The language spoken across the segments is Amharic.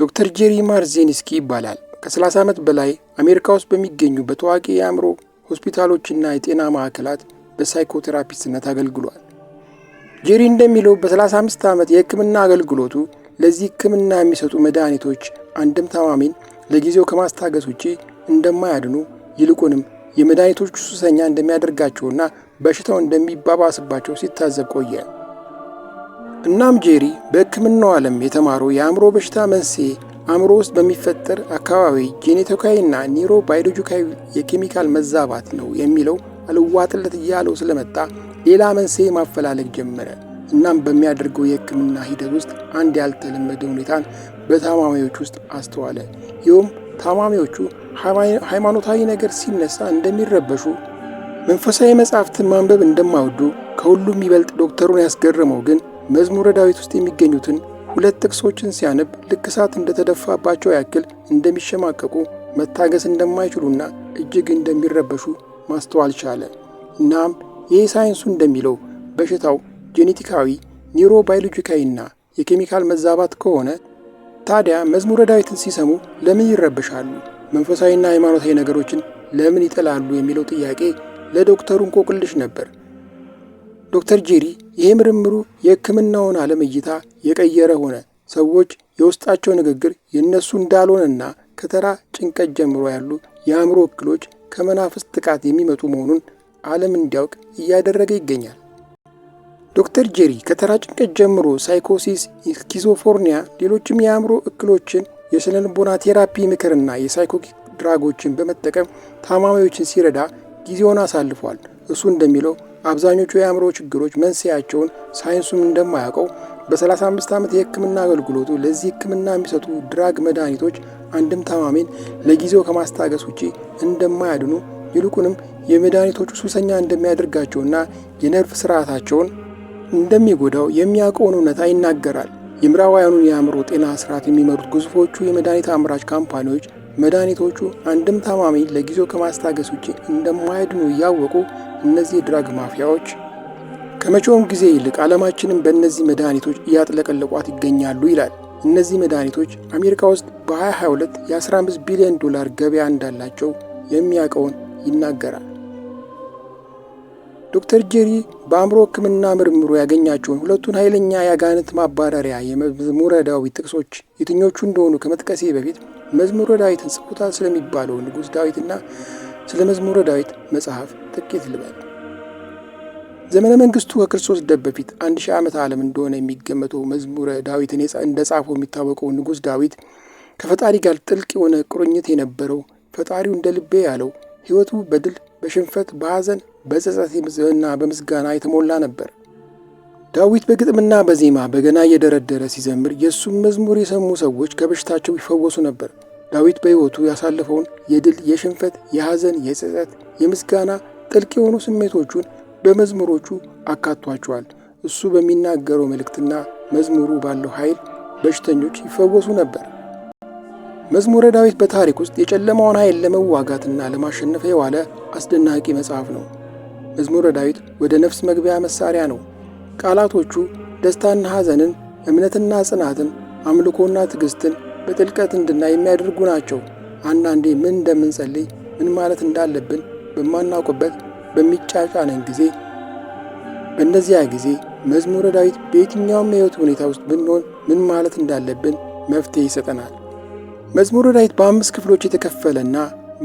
ዶክተር ጄሪ ማርዜኒስኪ ይባላል። ከ30 ዓመት በላይ አሜሪካ ውስጥ በሚገኙ በታዋቂ የአእምሮ ሆስፒታሎችና የጤና ማዕከላት በሳይኮቴራፒስትነት አገልግሏል። ጄሪ እንደሚለው በ35 ዓመት የሕክምና አገልግሎቱ ለዚህ ሕክምና የሚሰጡ መድኃኒቶች አንድም ታማሚን ለጊዜው ከማስታገስ ውጪ እንደማያድኑ ይልቁንም የመድኃኒቶቹ ሱሰኛ እንደሚያደርጋቸውና በሽታው እንደሚባባስባቸው ሲታዘብ ቆየ። እናም ጄሪ በሕክምናው ዓለም የተማረው የአእምሮ በሽታ መንስኤ አእምሮ ውስጥ በሚፈጠር አካባቢ ጄኔቲካዊና ኒውሮ ባዮሎጂካዊ የኬሚካል መዛባት ነው የሚለው አልዋጥለት እያለው ስለመጣ ሌላ መንስኤ ማፈላለግ ጀመረ። እናም በሚያደርገው የሕክምና ሂደት ውስጥ አንድ ያልተለመደ ሁኔታን በታማሚዎች ውስጥ አስተዋለ። ይኸውም ታማሚዎቹ ሃይማኖታዊ ነገር ሲነሳ እንደሚረበሹ፣ መንፈሳዊ መጻሕፍትን ማንበብ እንደማይወዱ፣ ከሁሉም ይበልጥ ዶክተሩን ያስገረመው ግን መዝሙረ ዳዊት ውስጥ የሚገኙትን ሁለት ጥቅሶችን ሲያነብ ልክ እሳት እንደተደፋባቸው ያክል እንደሚሸማቀቁ መታገስ እንደማይችሉና እጅግ እንደሚረበሹ ማስተዋል ቻለ። እናም ይህ ሳይንሱ እንደሚለው በሽታው ጄኔቲካዊ፣ ኒውሮባዮሎጂካዊና የኬሚካል መዛባት ከሆነ ታዲያ መዝሙረ ዳዊትን ሲሰሙ ለምን ይረበሻሉ? መንፈሳዊና ሃይማኖታዊ ነገሮችን ለምን ይጠላሉ? የሚለው ጥያቄ ለዶክተሩ እንቆቅልሽ ነበር። ዶክተር ጄሪ ይህ ምርምሩ የሕክምናውን ዓለም እይታ የቀየረ ሆነ። ሰዎች የውስጣቸው ንግግር የእነሱ እንዳልሆነና ከተራ ጭንቀት ጀምሮ ያሉ የአእምሮ እክሎች ከመናፍስት ጥቃት የሚመጡ መሆኑን ዓለም እንዲያውቅ እያደረገ ይገኛል። ዶክተር ጄሪ ከተራ ጭንቀት ጀምሮ ሳይኮሲስ፣ ስኪዞፎርኒያ፣ ሌሎችም የአእምሮ እክሎችን የስነ ልቦና ቴራፒ ምክርና የሳይኮኪ ድራጎችን በመጠቀም ታማሚዎችን ሲረዳ ጊዜውን አሳልፏል። እሱ እንደሚለው አብዛኞቹ የአእምሮ ችግሮች መንስያቸውን ሳይንሱም እንደማያውቀው በ35 ዓመት የህክምና አገልግሎቱ ለዚህ ህክምና የሚሰጡ ድራግ መድኃኒቶች አንድም ታማሚን ለጊዜው ከማስታገስ ውጪ እንደማያድኑ ይልቁንም የመድኃኒቶቹ ሱሰኛ እንደሚያደርጋቸውና የነርቭ ስርዓታቸውን እንደሚጎዳው የሚያውቀውን እውነታ ይናገራል። የምዕራባውያኑን የአእምሮ ጤና ስርዓት የሚመሩት ግዙፎቹ የመድኃኒት አምራች ካምፓኒዎች መድኃኒቶቹ አንድም ታማሚ ለጊዜው ከማስታገስ ውጭ እንደማያድኑ እያወቁ እነዚህ ድራግ ማፊያዎች ከመቼውም ጊዜ ይልቅ ዓለማችንን በእነዚህ መድኃኒቶች እያጥለቀለቋት ይገኛሉ ይላል። እነዚህ መድኃኒቶች አሜሪካ ውስጥ በ2022 የ15 ቢሊዮን ዶላር ገበያ እንዳላቸው የሚያውቀውን ይናገራል። ዶክተር ጄሪ በአእምሮ ሕክምና ምርምሩ ያገኛቸውን ሁለቱን ኃይለኛ የአጋንንት ማባረሪያ የመዝሙረ ዳዊት ጥቅሶች የትኞቹ እንደሆኑ ከመጥቀሴ በፊት መዝሙረ ዳዊትን ስኩታ ስለሚባለው ንጉሥ ዳዊትና ስለ መዝሙረ ዳዊት መጽሐፍ ጥቂት ልበል። ዘመነ መንግስቱ ከክርስቶስ ልደት በፊት አንድ ሺህ ዓመት ዓለም እንደሆነ የሚገመተው መዝሙረ ዳዊትን እንደጻፈው የሚታወቀው ንጉሥ ዳዊት ከፈጣሪ ጋር ጥልቅ የሆነ ቁርኝት የነበረው ፈጣሪው እንደ ልቤ ያለው ሕይወቱ በድል በሽንፈት፣ በሐዘን፣ በጸጸት በምስጋና የተሞላ ነበር። ዳዊት በግጥምና በዜማ በገና እየደረደረ ሲዘምር የእሱም መዝሙር የሰሙ ሰዎች ከበሽታቸው ይፈወሱ ነበር። ዳዊት በሕይወቱ ያሳለፈውን የድል፣ የሽንፈት፣ የሐዘን፣ የጸጸት፣ የምስጋና ጥልቅ የሆኑ ስሜቶቹን በመዝሙሮቹ አካቷቸዋል። እሱ በሚናገረው መልእክትና መዝሙሩ ባለው ኃይል በሽተኞች ይፈወሱ ነበር። መዝሙረ ዳዊት በታሪክ ውስጥ የጨለማውን ኃይል ለመዋጋትና ለማሸነፍ የዋለ አስደናቂ መጽሐፍ ነው። መዝሙረ ዳዊት ወደ ነፍስ መግቢያ መሳሪያ ነው። ቃላቶቹ ደስታና ሐዘንን፣ እምነትና ጽናትን፣ አምልኮና ትዕግሥትን በጥልቀት እንድናይ የሚያደርጉ ናቸው። አንዳንዴ ምን እንደምንጸልይ ምን ማለት እንዳለብን በማናውቅበት በሚጫጫነን ጊዜ በእነዚያ ጊዜ መዝሙረ ዳዊት በየትኛውም የሕይወት ሁኔታ ውስጥ ብንሆን ምን ማለት እንዳለብን መፍትሄ ይሰጠናል። መዝሙረ ዳዊት በአምስት ክፍሎች የተከፈለና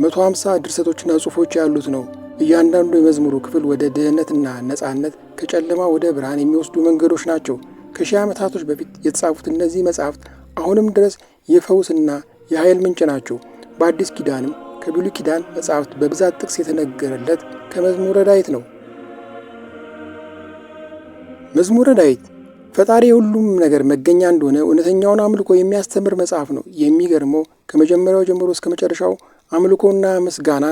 150 ድርሰቶችና ጽሑፎች ያሉት ነው። እያንዳንዱ የመዝሙሩ ክፍል ወደ ድህነትና ነፃነት ከጨለማ ወደ ብርሃን የሚወስዱ መንገዶች ናቸው። ከሺህ ዓመታቶች በፊት የተጻፉት እነዚህ መጻሕፍት አሁንም ድረስ የፈውስና የኃይል ምንጭ ናቸው። በአዲስ ኪዳንም ከብሉይ ኪዳን መጻሕፍት በብዛት ጥቅስ የተነገረለት ከመዝሙረ ዳዊት ነው። መዝሙረ ዳዊት ፈጣሪ የሁሉም ነገር መገኛ እንደሆነ እውነተኛውን አምልኮ የሚያስተምር መጽሐፍ ነው። የሚገርመው ከመጀመሪያው ጀምሮ እስከ መጨረሻው አምልኮና ምስጋና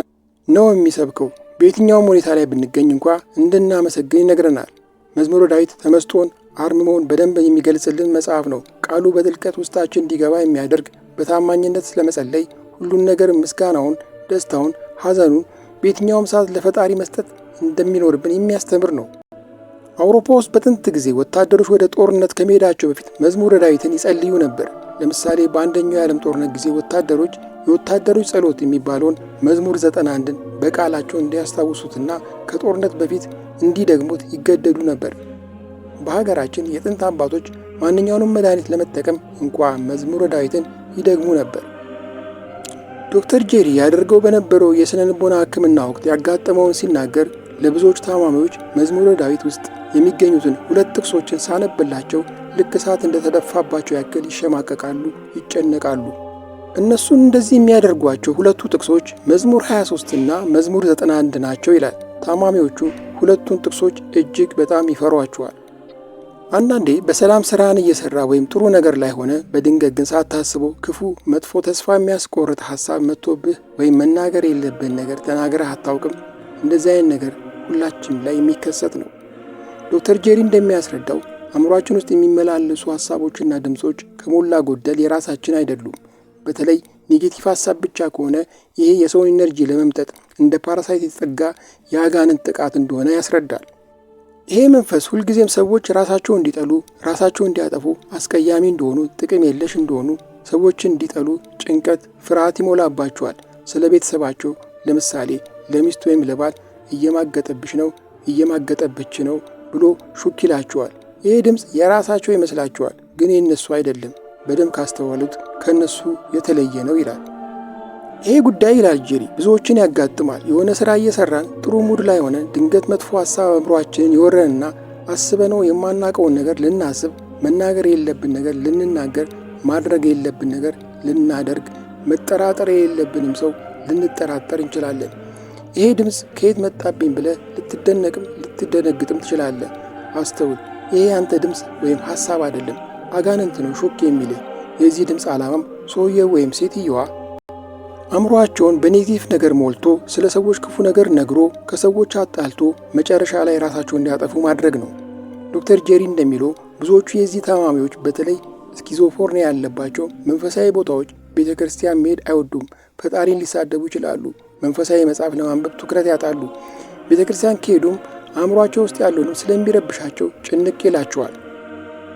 ነው የሚሰብከው። በየትኛውም ሁኔታ ላይ ብንገኝ እንኳ እንድናመሰግን ይነግረናል። መዝሙረ ዳዊት ተመስጦን አርምሞን በደንብ የሚገልጽልን መጽሐፍ ነው። ቃሉ በጥልቀት ውስጣችን እንዲገባ የሚያደርግ በታማኝነት ስለመጸለይ ሁሉን ነገር ምስጋናውን፣ ደስታውን፣ ሐዘኑን በየትኛውም ሰዓት ለፈጣሪ መስጠት እንደሚኖርብን የሚያስተምር ነው። አውሮፓ ውስጥ በጥንት ጊዜ ወታደሮች ወደ ጦርነት ከመሄዳቸው በፊት መዝሙረ ዳዊትን ይጸልዩ ነበር። ለምሳሌ በአንደኛው የዓለም ጦርነት ጊዜ ወታደሮች የወታደሮች ጸሎት የሚባለውን መዝሙር 91ን በቃላቸው እንዲያስታውሱትና ከጦርነት በፊት እንዲደግሙት ይገደዱ ነበር። በሀገራችን የጥንት አባቶች ማንኛውንም መድኃኒት ለመጠቀም እንኳ መዝሙረ ዳዊትን ይደግሙ ነበር። ዶክተር ጄሪ ያደርገው በነበረው የሥነ ልቦና ሕክምና ወቅት ያጋጠመውን ሲናገር ለብዙዎች ታማሚዎች መዝሙረ ዳዊት ውስጥ የሚገኙትን ሁለት ጥቅሶችን ሳነብላቸው ልክ እሳት እንደተደፋባቸው ያክል ይሸማቀቃሉ፣ ይጨነቃሉ። እነሱን እንደዚህ የሚያደርጓቸው ሁለቱ ጥቅሶች መዝሙር 23 እና መዝሙር 91 ናቸው ይላል። ታማሚዎቹ ሁለቱን ጥቅሶች እጅግ በጣም ይፈሯቸዋል። አንዳንዴ በሰላም ስራን እየሰራ ወይም ጥሩ ነገር ላይ ሆነ በድንገት ግን ሳታስበው ክፉ፣ መጥፎ፣ ተስፋ የሚያስቆርጥ ሀሳብ መጥቶብህ ወይም መናገር የለብህን ነገር ተናግረህ አታውቅም። እንደዚህ አይነት ነገር ሁላችን ላይ የሚከሰት ነው። ዶክተር ጄሪ እንደሚያስረዳው አእምሯችን ውስጥ የሚመላለሱ ሀሳቦችና ድምፆች ከሞላ ጎደል የራሳችን አይደሉም። በተለይ ኔጌቲቭ ሀሳብ ብቻ ከሆነ ይሄ የሰውን ኢነርጂ ለመምጠጥ እንደ ፓራሳይት የተጠጋ የአጋንንት ጥቃት እንደሆነ ያስረዳል። ይሄ መንፈስ ሁልጊዜም ሰዎች ራሳቸው እንዲጠሉ፣ ራሳቸው እንዲያጠፉ፣ አስቀያሚ እንደሆኑ፣ ጥቅም የለሽ እንደሆኑ፣ ሰዎችን እንዲጠሉ፣ ጭንቀት፣ ፍርሃት ይሞላባቸዋል። ስለ ቤተሰባቸው ለምሳሌ ለሚስት ወይም ለባል እየማገጠብሽ ነው እየማገጠብች ነው ብሎ ሹክ ይላቸዋል። ይህ ድምፅ የራሳቸው ይመስላችኋል፣ ግን የእነሱ አይደለም፣ በደንብ ካስተዋሉት ከእነሱ የተለየ ነው ይላል። ይሄ ጉዳይ ይላል ጄሪ፣ ብዙዎችን ያጋጥማል። የሆነ ስራ እየሰራን ጥሩ ሙድ ላይ ሆነን ድንገት መጥፎ ሀሳብ አእምሯችንን የወረንና አስበነው የማናውቀውን ነገር ልናስብ፣ መናገር የለብን ነገር ልንናገር፣ ማድረግ የለብን ነገር ልናደርግ፣ መጠራጠር የሌለብንም ሰው ልንጠራጠር እንችላለን። ይሄ ድምፅ ከየት መጣብኝ ብለህ ልትደነቅም ልትደነግጥም ትችላለህ። አስተውል። ይሄ ያንተ ድምፅ ወይም ሐሳብ አይደለም፣ አጋንንት ነው ሹክ የሚል የዚህ ድምፅ ዓላማም ሰውየው ወይም ሴትየዋ አምሯቸውን በኔጌቲቭ ነገር ሞልቶ ስለ ሰዎች ክፉ ነገር ነግሮ ከሰዎች አጣልቶ መጨረሻ ላይ ራሳቸውን እንዲያጠፉ ማድረግ ነው። ዶክተር ጄሪ እንደሚለው ብዙዎቹ የዚህ ታማሚዎች በተለይ ስኪዞፎርኒያ ያለባቸው መንፈሳዊ ቦታዎች፣ ቤተ ክርስቲያን መሄድ አይወዱም። ፈጣሪን ሊሳደቡ ይችላሉ። መንፈሳዊ መጽሐፍ ለማንበብ ትኩረት ያጣሉ። ቤተ ክርስቲያን ከሄዱም አእምሯቸው ውስጥ ያለውንም ስለሚረብሻቸው ጭንቅ ይላቸዋል።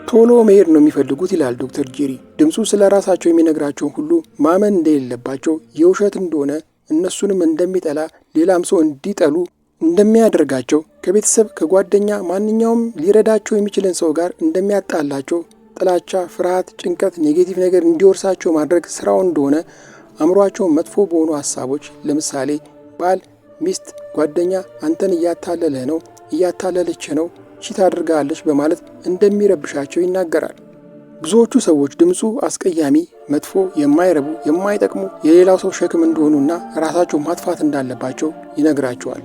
ቶሎ መሄድ ነው የሚፈልጉት ይላል ዶክተር ጄሪ። ድምፁ ስለ ራሳቸው የሚነግራቸውን ሁሉ ማመን እንደሌለባቸው፣ የውሸት እንደሆነ፣ እነሱንም እንደሚጠላ፣ ሌላም ሰው እንዲጠሉ እንደሚያደርጋቸው፣ ከቤተሰብ ከጓደኛ፣ ማንኛውም ሊረዳቸው የሚችልን ሰው ጋር እንደሚያጣላቸው፣ ጥላቻ፣ ፍርሃት፣ ጭንቀት፣ ኔጌቲቭ ነገር እንዲወርሳቸው ማድረግ ስራው እንደሆነ አእምሯቸው መጥፎ በሆኑ ሀሳቦች ለምሳሌ ባል፣ ሚስት ጓደኛ አንተን እያታለለህ ነው፣ እያታለለች ነው፣ ቺት አድርጋለች በማለት እንደሚረብሻቸው ይናገራል። ብዙዎቹ ሰዎች ድምፁ አስቀያሚ፣ መጥፎ፣ የማይረቡ፣ የማይጠቅሙ የሌላው ሰው ሸክም እንደሆኑና ራሳቸው ማጥፋት እንዳለባቸው ይነግራቸዋል።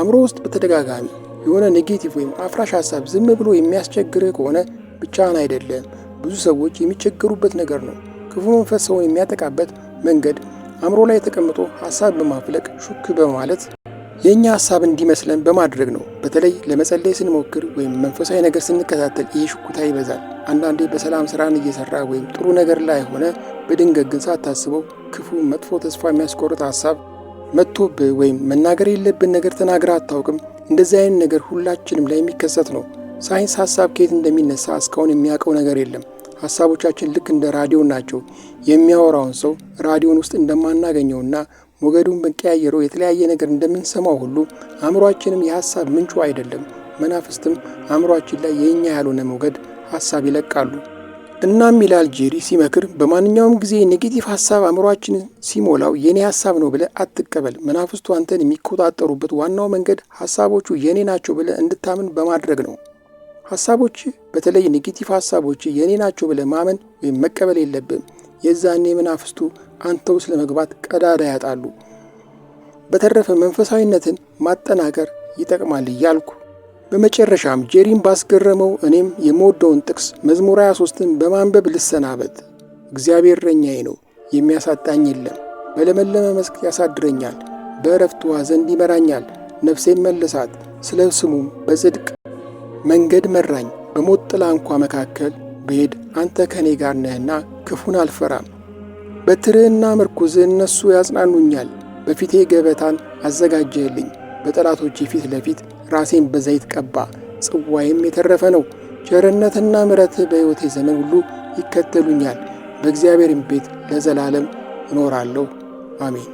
አእምሮ ውስጥ በተደጋጋሚ የሆነ ኔጌቲቭ ወይም አፍራሽ ሀሳብ ዝም ብሎ የሚያስቸግርህ ከሆነ ብቻህን አይደለም። ብዙ ሰዎች የሚቸገሩበት ነገር ነው። ክፉ መንፈስ ሰውን የሚያጠቃበት መንገድ አእምሮ ላይ ተቀምጦ ሀሳብ በማፍለቅ ሹክ በማለት የእኛ ሀሳብ እንዲመስለን በማድረግ ነው። በተለይ ለመጸለይ ስንሞክር ወይም መንፈሳዊ ነገር ስንከታተል ይህ ሽኩታ ይበዛል። አንዳንዴ በሰላም ስራን እየሰራ ወይም ጥሩ ነገር ላይ ሆነ በድንገት ግን ሳታስበው ክፉ፣ መጥፎ፣ ተስፋ የሚያስቆርጥ ሀሳብ መጥቶብህ ወይም መናገር የለብን ነገር ተናግረ አታውቅም። እንደዚህ አይነት ነገር ሁላችንም ላይ የሚከሰት ነው። ሳይንስ ሀሳብ ከየት እንደሚነሳ እስካሁን የሚያውቀው ነገር የለም። ሀሳቦቻችን ልክ እንደ ራዲዮ ናቸው። የሚያወራውን ሰው ራዲዮን ውስጥ እንደማናገኘውና ሞገዱን ብንቀያየረው የተለያየ ነገር እንደምንሰማው ሁሉ አእምሯችንም የሀሳብ ምንጩ አይደለም። መናፍስትም አእምሯችን ላይ የእኛ ያልሆነ ሞገድ ሀሳብ ይለቃሉ። እናም ይላል ጄሪ ሲመክር፣ በማንኛውም ጊዜ ኔጌቲቭ ሀሳብ አእምሯችን ሲሞላው የኔ ሀሳብ ነው ብለህ አትቀበል። መናፍስቱ አንተን የሚቆጣጠሩበት ዋናው መንገድ ሀሳቦቹ የኔ ናቸው ብለህ እንድታምን በማድረግ ነው። ሀሳቦች፣ በተለይ ኔጌቲቭ ሀሳቦች የኔ ናቸው ብለህ ማመን ወይም መቀበል የለብም። የዛኔ መናፍስቱ አንተ ውስጥ ለመግባት ቀዳዳ ያጣሉ። በተረፈ መንፈሳዊነትን ማጠናከር ይጠቅማል እያልኩ በመጨረሻም ጄሪን ባስገረመው እኔም የምወደውን ጥቅስ መዝሙር 23ን በማንበብ ልሰናበት። እግዚአብሔር እረኛዬ ነው፣ የሚያሳጣኝ የለም። በለመለመ መስክ ያሳድረኛል፣ በእረፍት ውኃ ዘንድ ይመራኛል። ነፍሴን መለሳት፣ ስለ ስሙም በጽድቅ መንገድ መራኝ። በሞት ጥላ እንኳ መካከል ብሄድ አንተ ከእኔ ጋር ነህና ክፉን አልፈራም። በትርህና ምርኩዝህ እነሱ ያጽናኑኛል። በፊቴ ገበታን አዘጋጀህልኝ፣ በጠላቶቼ ፊት ለፊት ራሴን በዘይት ቀባ፣ ጽዋይም የተረፈ ነው። ቸርነትና ምረትህ በሕይወቴ ዘመን ሁሉ ይከተሉኛል። በእግዚአብሔርም ቤት ለዘላለም እኖራለሁ። አሜን።